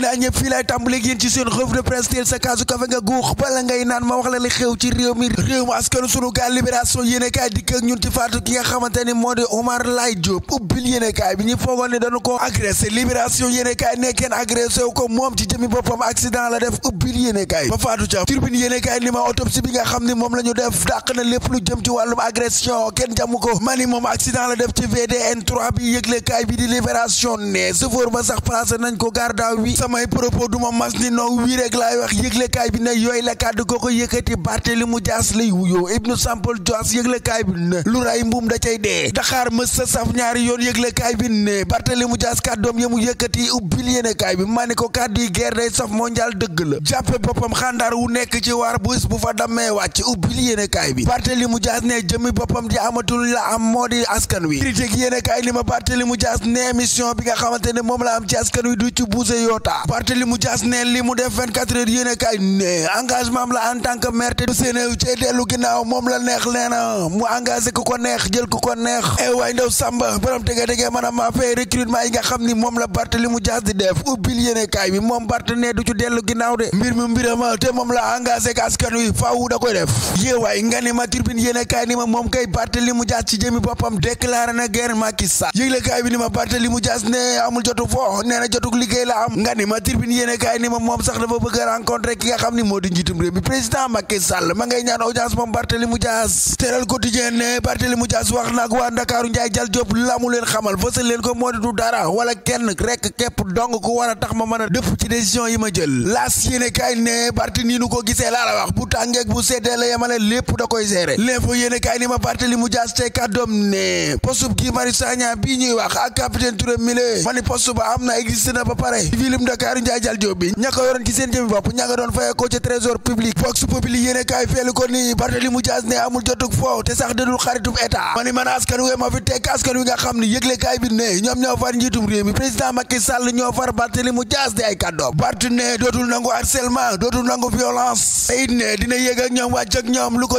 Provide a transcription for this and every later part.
nuyu naa ñëpp fii laay tàmbaleeg yéen ci seen revue de presse teel sa kaasu kafe nga ma wax la li xew ci réew mi réew mi askan sunu gaal libération yéene kaay ñun ci faatu ki nga xamante moom ci def ubbil yéene kaay faatu ca turbine yéene ni ma autopsie bi nga xam ne moom la def dàq na lépp lu jëm ci wàllum agression kenn jàmm ko mani moom accident la def ci VDN 3 bi yëgle bi di libération ne chauffeur ba sax placé nañ ko garde à samay propos du ma mas ni laay wax yëglekaay bi ne yooyu la kàddu ko ko yëkkati Barthélemy Dias lay wuyoo Ibnou Sampol Dias yëglekaay bi ne lu ray mbuum da cay dee daxaar mës sa saf ñaari yoon yëglekaay bi ne Barthélemy Dias kàddoom ya mu yëkkati ubbil yéenekaay bi maa ni ko kàddu yi guerre mondial dëgg la jàppe boppam xàndaar wu nekk ci waar bus bu fa dammee wàcc ubbil yéenekaay bi Barthélemy Dias ne jëmi boppam di amatul la am moo di askan wi critique yéenekaay li ma Barthélemy Dias ne émission bi nga xamante ne moom la am ci askan wi du buuse yoota Barthélémy Dias ne li mu def 24 heures yéene kaay engagement la en tant que maire te du séenéew cee moom la neex nee na mu engagé ku ko neex jël ku ko neex eh waay ndaw Samba borom tege tege maanaam maa yi nga xam ni moom la Barthélémy Dias di def ubbil yéene moom Barthé du ci dellu ginnaaw de mbir mi mbirama moom la engagé ak askan wi faaw da ma turbine yéene kaay ma moom kay Barthélémy Dias ci jëmi boppam déclaré na guerre Macky Sall yëgle kaay bi ni ma Barthélémy Dias ne amul jotu fo nee na jotuk liggéey la am nga ma tribune yéene kaay ni ma moom sax dafa bëgg a rencontré ki nga xam ni moo di njiitum réew mi président Macky Sall ma ngay ñaan audience moom Barthélemy Dias teral quotidien ne Barthélemy a tax ma a dëpp ci décision yi ma jël laas yéene kaay ne Barti bu tàngeeg bu seddee bii ñuy wax ak capitaine Touré mile ma ni poste ba am na existe na ba pare Ndakaaru Njaay jal bi ña ko yoroon ci seen jëmi bopp ña nga doon faye ko ci trésor public Vox Populi yéene kaay feelu ko ni Barthélémy Dias ne amul jotug foow te sax dadul xaritub état ma ni man askan wi ma fi tekk askan wi nga xam ni yëgle kaay bi ne ñoom ñoo far njiitum réew mi président Macky Sall ñoo far Barthélémy Dias di ay kàddoom Bart ne dootul nangu harcèlement dootul nangu violence te it dina yéeg ak ñoom wàcc ñoom lu ko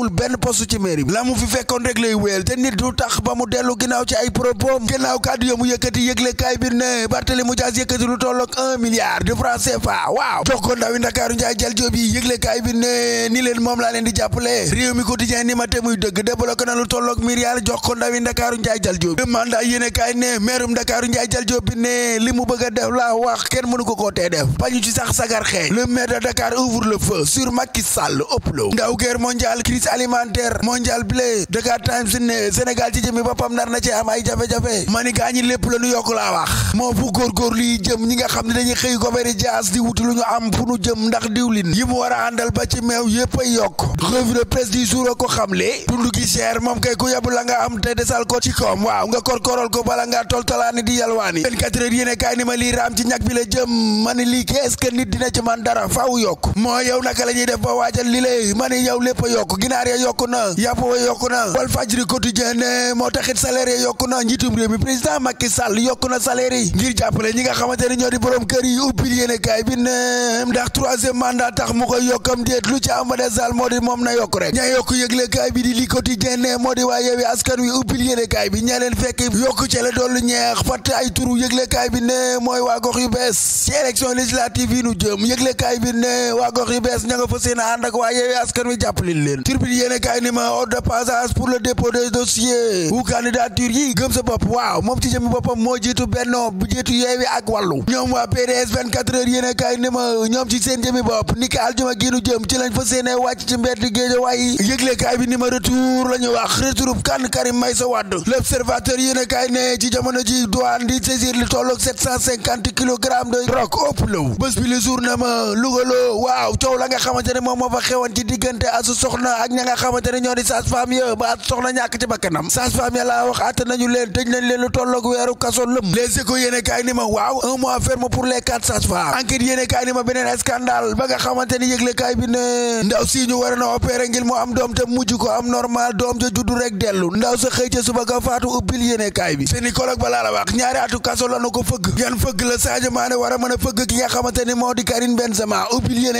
soxlawul benn poste ci mairie bi la mu fi fekkoon rek lay wéyal te nit du tax ba mu dellu ginnaaw ci ay propos ginnaaw kàddu yo mu yëkkati yëgle kaay bi ne Barthélémy Dias yëkkati lu tolloog un milliard de francs CFA waaw jox ko ndawi Ndakaaru Njaay jël joob yi yëgle kaay bi ne ni leen moom laa leen di jàppale réew mi ko quotidien ni ma te muy dëgg débloqué na lu tolloog milliard jox ko ndawi Ndakaaru Njaay jël joob mandat yéene kaay ne mairum Ndakaaru Njaay jël joob bi ne li mu bëgg def laa wax kenn mënu ko koo tee def bañu sax sagar xeeñ le maire de Dakar ouvre ëpp alimentaire mondial blé Dakar Times ne Sénégal ci jëmi boppam nar na cee am ay jafe-jafe ma ni gaa ñi lépp la ñu yokk laa wax moo fu góorgóorlu yi jëm ñi nga xam ne dañuy xëy goberi jaas di wuti lu ñu am fu nu jëm ndax diwlin yi mu war a àndal ba ci meew yépp ay yokk revue de presse du jour ko xamle dund gi cher moom kay ku yabu la nga am te desal ko ci koom waaw nga korkoral ko bala ngaa toltalaani di yalwaani 24 heures yéene kaay ni ma lii raam ci ñag la jëm ma ni lii est-ce que dina man dara faaw yokk moo yow naka la ñuy def ba li lay ma ni yow lépp yokk milliards ya yokku na yàpp wa yokku na Walfadjri quotidien ne moo taxit salaire ya yokku na njiitum réew mi président Macky Sall yokku na salaire yi ngir jàppale ñi nga xamante ne ñoo di borom kër yi ubbil yéene kaay bi ne ndax troisième mandat tax mu koy yokkam déet lu ci amade sall moo di moom na yokku rek ña yokku yëgle bi di li quotidien ne moo di waa yewi askan wi ubbil yéene bi ña leen fekk yokku ca la ñeex fatt ay turu yëgle bi ne mooy waa gox yu bees ci élection turbine yéen a kaay ni de passage pour le dépôt des dossiers ou candidature yi gëm sa bopp waaw moom ci jëmi boppam moo jiitu Benno bu jiitu Yewwi ak Wallu ñoom waa PDS 24 heures yéen a kaay ni ñoom ci seen jëmi bopp ni ki aljuma giinu jëm ci lañ fa séene wàcc ci mbedd Géejawaay yëgle kaay bi ni ma retour la ñu wax retourub kan Karim Meïssa Wade l'observateur yéen a kaay ci jamono ji douane di saisir li tolloog 750 kilogrammes de roc ëpp law bés la nga xamante ne moom moo fa xewoon ci diggante asu ak ña nga xamante ne ñoo di sage-femme ya ba at soxna ñàkk ci bakkanam sage-femme ya laa wax àtte nañu leen tëj nañ leen lu tolloog weeru kaso lëm les échos yéene kaay ni ma waaw un mois ferme pour les quatre sages-femmes enquête yéene kaay ni ma beneen scandale ba nga xamante yëgle kaay bi ne ndaw si ñu war na opéré ngir mu am doom te mujj ko am normal doom ja juddu rek dellu ndaw sa xëy ca suba ga faatu ubbil yéene kaay bi gynécologue ba laa la wax ñaari war a a fëgg ki nga moo di Karim Benzema bi a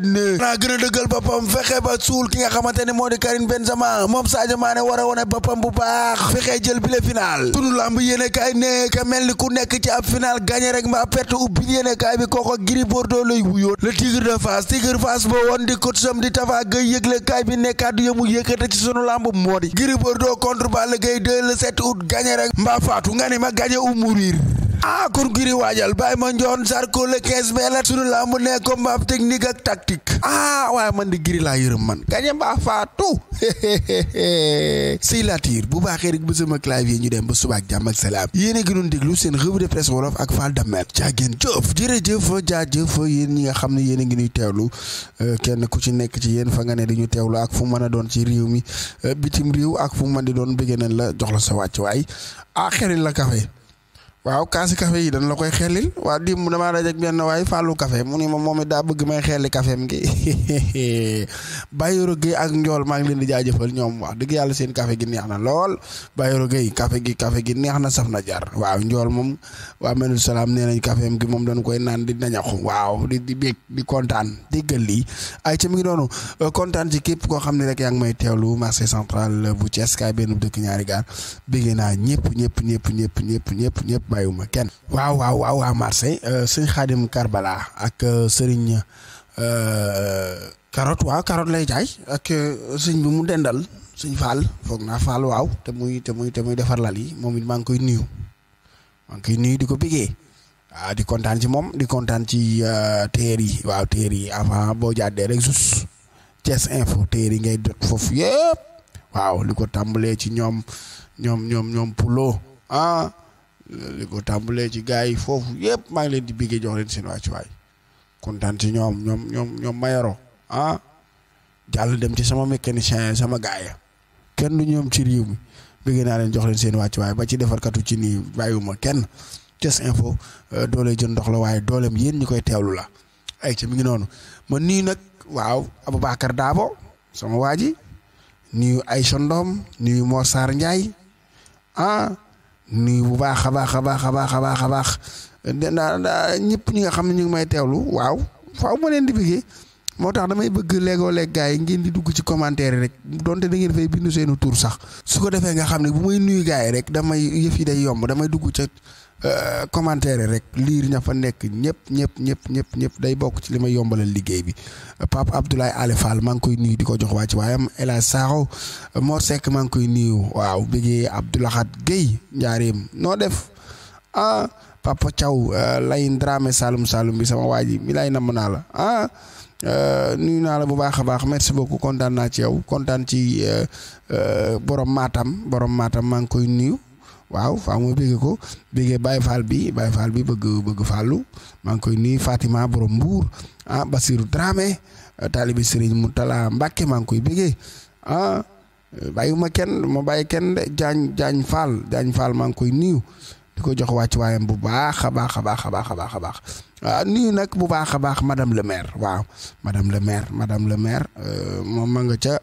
mën Benzema gën a dëggal boppam fexe ba suul ki nga xamante ne moo di Karim Benzema moom Sadio Mané war a wone boppam bu baax fexe jël bile final sunu lamb yéene kaay ne mel ni ku nekk ci ab final gagné rek mbaa perte ubbi yéene kaay bi kooko Gris Bordeaux lay wuyoo le tigre de Fass tigre Fass ba woon di coacham di Tafa Gueye yëgle kaay bi ne kàddu yëmu yëkkate ci sunu lamb moo di Gris Bordeaux contre Balla Gaye 2 le 7 août rek mbaa faatu nga ne ah kon giri waajal baay ma njoon Zarko le 15 mai la sunu lamb ne combat technique ak tactique ah waaye man di giri laa yërëm man gañe mbaa faatu sëy latiir bu baaxee rek ba sama clavier ñu dem ba suba ak jàmm ak yéen a ngi doon déglu seen revue de presse wolof ak Fall Damet jaageen jëf jërëjëf jaajëf yéen ñi nga xam ne yéen a ngi ñuy teewlu euh, kenn ku ci nekk ci yéen fa nga ne di dañu teewlu ak fu mën a doon ci réew mi euh, bitim réew ak fu mën di doon bëgg nañ la jox la sa wàcc waay ah la café waaw kaasi kafe yi dañ la koy xellil waa démb damaa dajeeg benn waaye fàllu kafe mu ni ma moom it daa bëgg may xelli kafeem gi Bayoro Gueye ak Njool maa ngi leen di jëfal ñoom wax dëgg yàlla seen kafe gi neex na lool Bayoro Gueye kafe gi kafe gi neex na saf na jar waaw Njool moom waa Menu Salaam nee nañ caféem gi moom dañ koy naan di nañaxu waaw di di béeg di kontaan déggal lii ay ci mu ngi doonu euh, kontaan ci képp koo xam ne rek yaa ngi may teewlu marché central bu Thiès kaay benn dëkk ñaari gaar naa ñëpp ñëpp ñëpp ñëpp ñëpp ñëpp bàyyiwuma kenn. waaw waaw waaw waa Marseille euh, sëñ Xaadim Karbala ak euh, sëriñ euh, Carotte waaw Carotte lay jaay ak sëñ bi mu dendal sëñ Fall foog naa Fall waaw te muy te muy defar lal yi moom it maa ngi koy nuyu maa ngi nuyu di ko bégee. ah di kontaan ci moom di kontaan ci téer yi waaw téer yi avant boo jàddee rek sus Thiès info téer yi ngay jot foofu yëpp waaw li ko tàmbalee ci ñoom ñoom ñoom ñoom Poulo ah Euh, li ko tàmbalee ci gars yi foofu yëpp maa ngi leen di biggee jox leen seen wàccuwaay kontaan ci ñoom ñoom ñoom ñoom Mayoro ah jàll dem ci sama mécanicien sama gars ya kenn du ñoom ci riw mi biggee naa leen jox leen seen wàccuwaay ba ci defarkatu ci nii bàyyiwuma kenn Thiès Info euh, doole jën ndox la waaye dooleem yéen ñi koy teewlu la ay ci mi ngi noonu ma nii nag waaw Aboubacar Daabo sama waa ji nuyu Aïcha Ndom nuyu Mor Sarr Ndiaye ah nuyu bu baax a baax a baax a baax a baax a baax danaa ñëpp ñi nga xam ne ñu ngi may teewlu waaw faaw ma leen di bëggee moo tax damay bëgg léegoo leeg gars yi ngeen di dugg ci commentaire yi rek donte da ngeen fay bindu seenu tur sax su ko defee nga xam ne bu may nuyu gaa yi rek damay yëf yi day yomb damay dugg ca Euh, commentaire rek liir ña fa nekk ñëpp ñëpp ñëpp ñëpp ñëpp day bokk ci li may yombalal liggéey bi Pape Abdoulaye Ale Fall man koy nuyu di ko jox wàcc waayam El Hadj Sakho Mor Seck maa ngi koy nuyu waaw bëggee Abdoulahat Guèye njaareem noo def ah Papa caw euh, lay Dramé Saloum Saloum bi sama waa ji mi lay namm naa la ah euh, nuyu naa la bu baax a baax merci beaucoup kontaan naa ci yow kontaan ci borom maatam borom maatam maa ngi koy nuyu. waaw faa ma bégg ko béggee Baye Fall bi Baye Fall bi bëgg bëgg Fallou maa ngi koy nuyu Fatima borom Mbour ah Basirou Dramé euh, taalibi Serigne mu Mbacke maa ngi koy béggee ah bàyyiwuma kenn ma bàyyi kenn de Diagne Diagne Fall Diagne Fall maa ngi koy nuyu di ko jox wàccuwaayam bu baax a baax a baax a baax a baax a baax. waaw ah, nuyu nag bu baax a baax madame le maire waaw madame le maire madame le euh, moom ma nga ca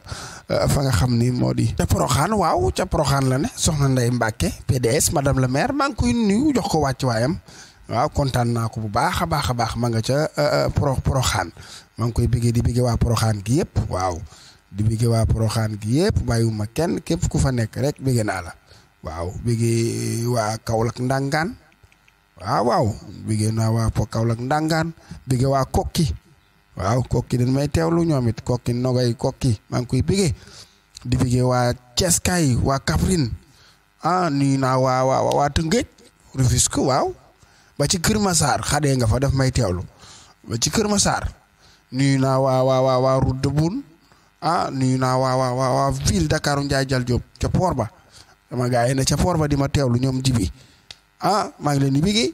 euh, fa nga xam ni moo di. ca Poroxaan waaw ca Poroxaan la ne soxna Ndeye Mbacke PDS madame le maire maa ngi koy nuyu jox ko wàcc waayam waaw kontaan naa ko bu baax a baax a baax ma nga ca euh, Pro Poroxaan maa ngi koy bëggee di bëggee waa Poroxaan gi yëpp waaw di bëggee waa Poroxaan gi yëpp bàyyiwuma kenn képp ku fa nekk rek bëggee naa la waaw bëggee waa Kaolack ndàngaan Ah, waaw waaw biggee naa waa po Kaolack ndàngaan biggee waa kokki waaw kokki dañ may teewlu ñoom kokki nogay kokki maa ngi koy biggee di biggee waa Ceeskaay waa Kaffrine ah nuyu naa waa waa waa Tëngéej waaw ba ci Kër Massar xadee nga fa daf may teewlu ba ci Kër Massar nuyu naa waa waa waa waa route de ah, ca Port ba dama gaa ca Port ba di ma teewlu ñoom jibi ah maa ngi leen di bigee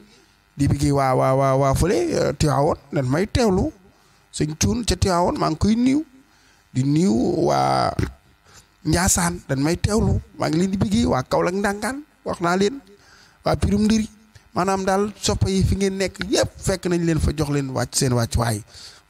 di bigee waa waa waa waa fële euh, Tiwaawoon nan may teewlu sëñ Cuun ca Tiwaawoon maa ngi koy niiw di niiw waa Njaasaan dan may teewlu maa ngi leen di bigee waa Kaolack ndàngaan wax naa leen waa pirum ndiri maanaam daal soppa yi fi ngeen nekk yëpp fekk nañ leen fa jox leen wàcc seen wàcc waay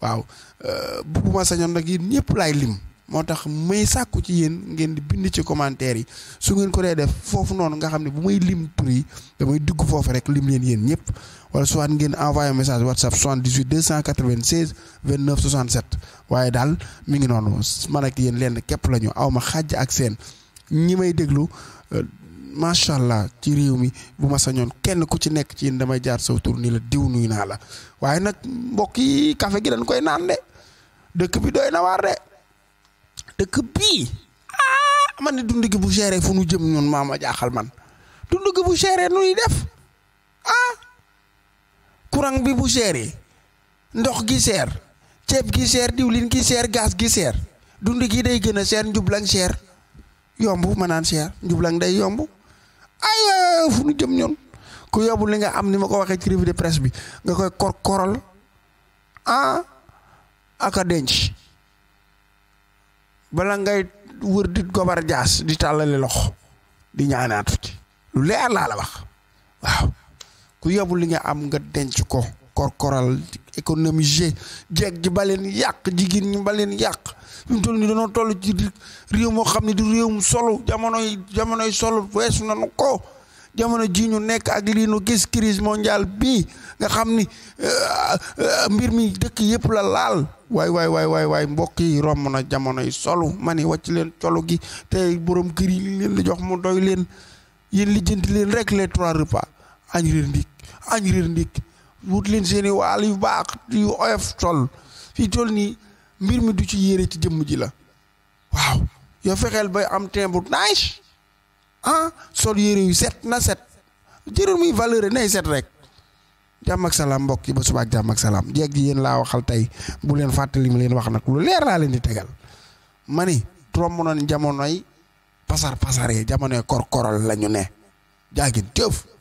waaw euh, bugguma sañoon nag yéen ñëpp laay lim moo tax may sàkku ci yéen ngeen di bind ci commentaire yi su ngeen ko dee def foofu noonu nga xam ne bu may lim tur yi damay dugg foofu rek lim leen yéen ñëpp wala soit ngeen envoyé message whatsapp 78 296 29 67 waaye daal mi ngi noonu man ak yéen lenn képp la ñu aw ma xàjj ak seen ñi may déglu euh, macha allah ci réew mi bu ma sañoon kenn ku ci nekk ci yéen damay jaar saw tur ni la diw nuyu naa la waaye nag mbokk yi café gi dañ koy naan de dëkk bi doy na waar de. dëkk bii ah man ne dund gi bu géré fu nu jëm ñoon maa ma jaaxal man dund gi bu géré nu ñuy def ah courant bi bu géré ndox gi seer ceeb gi seer diwlin gi seer gaz gi seer dund gi day gën a seer njublan seer yomb ma naan seer njublang day yomb ay waay fu nu jëm ñun ku yobbu li nga am ni ma ko waxee ci revue de presse bi nga koy kor koral ah aka denc bala ngay wër di gobar jaas di tàllale loxo di ñaanaatu ci lu leer laa la wax waaw ku yebul li nga am nga denc ko korkoral économiser jeeg ji ba yàq jigéen ñi ba leen yàq fi mu toll nii dañoo toll réew moo xam ne di réewum solo jamonoy jamonoy solo weesu nañu ko jamono ji ñu nekk ak lii nu gis crise mondiale bii nga xam ni euh, euh, mbir mi dëkk yëpp la laal waay waay waay waay waay mbokk yi romb na jamono yi solu ma ni wàcc leen colu gi te borom kër yi leen di jox mu doy leen yéen lijjanti leen rek les trois repas añ réer ndik añ réer ndik wut leen seeni waal yu baax yu oyof sol fii toll nii mbir mi du ci yére ci jëmm ji la waaw yow fexeel bay am timbre nice ah sol yére yu set na set jërul muy valeur nay set rek jàmm salaam mbokk yi ba suba ak jàmm ak salaam jeeg ji yéen laa waxal tey bu leen fàttali mu leen wax nag lu leer laa leen di tegal mani ni tromb noon jamonoy pasar pasaree jamonoy korkoral la ñu ne jaagin jëf